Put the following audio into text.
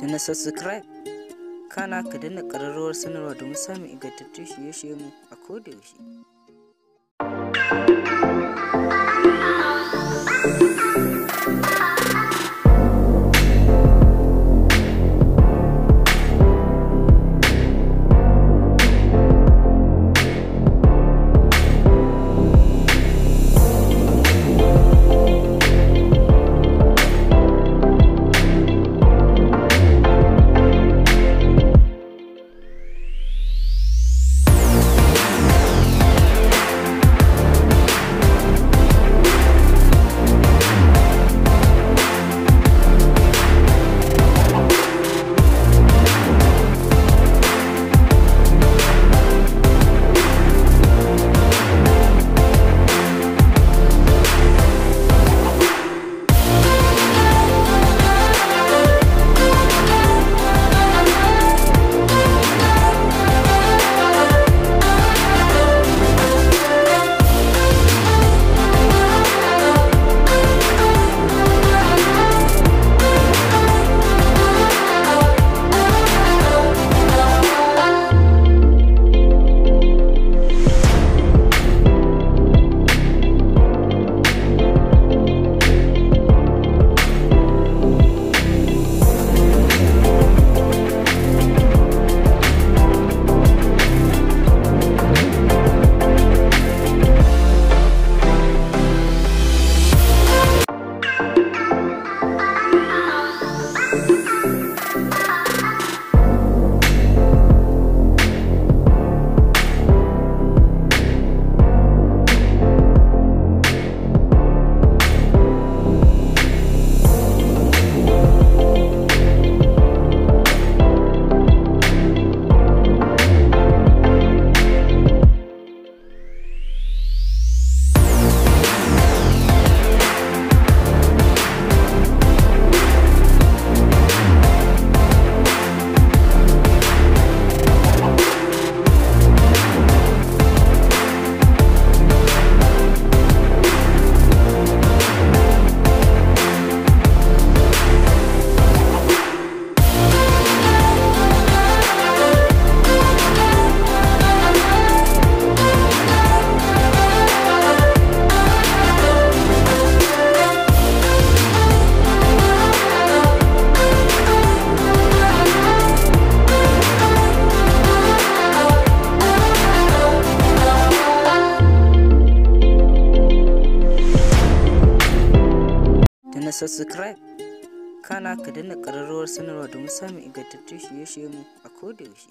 da na subscribe kana ka dana ƙararrawar sanarwa domin samun ingantattun shirye-shirye mu a kodayaushe. Thank you. subscribe kana ka danna ƙararrawar sanarwa domin samun ingantattun shirye mu a kodayaushe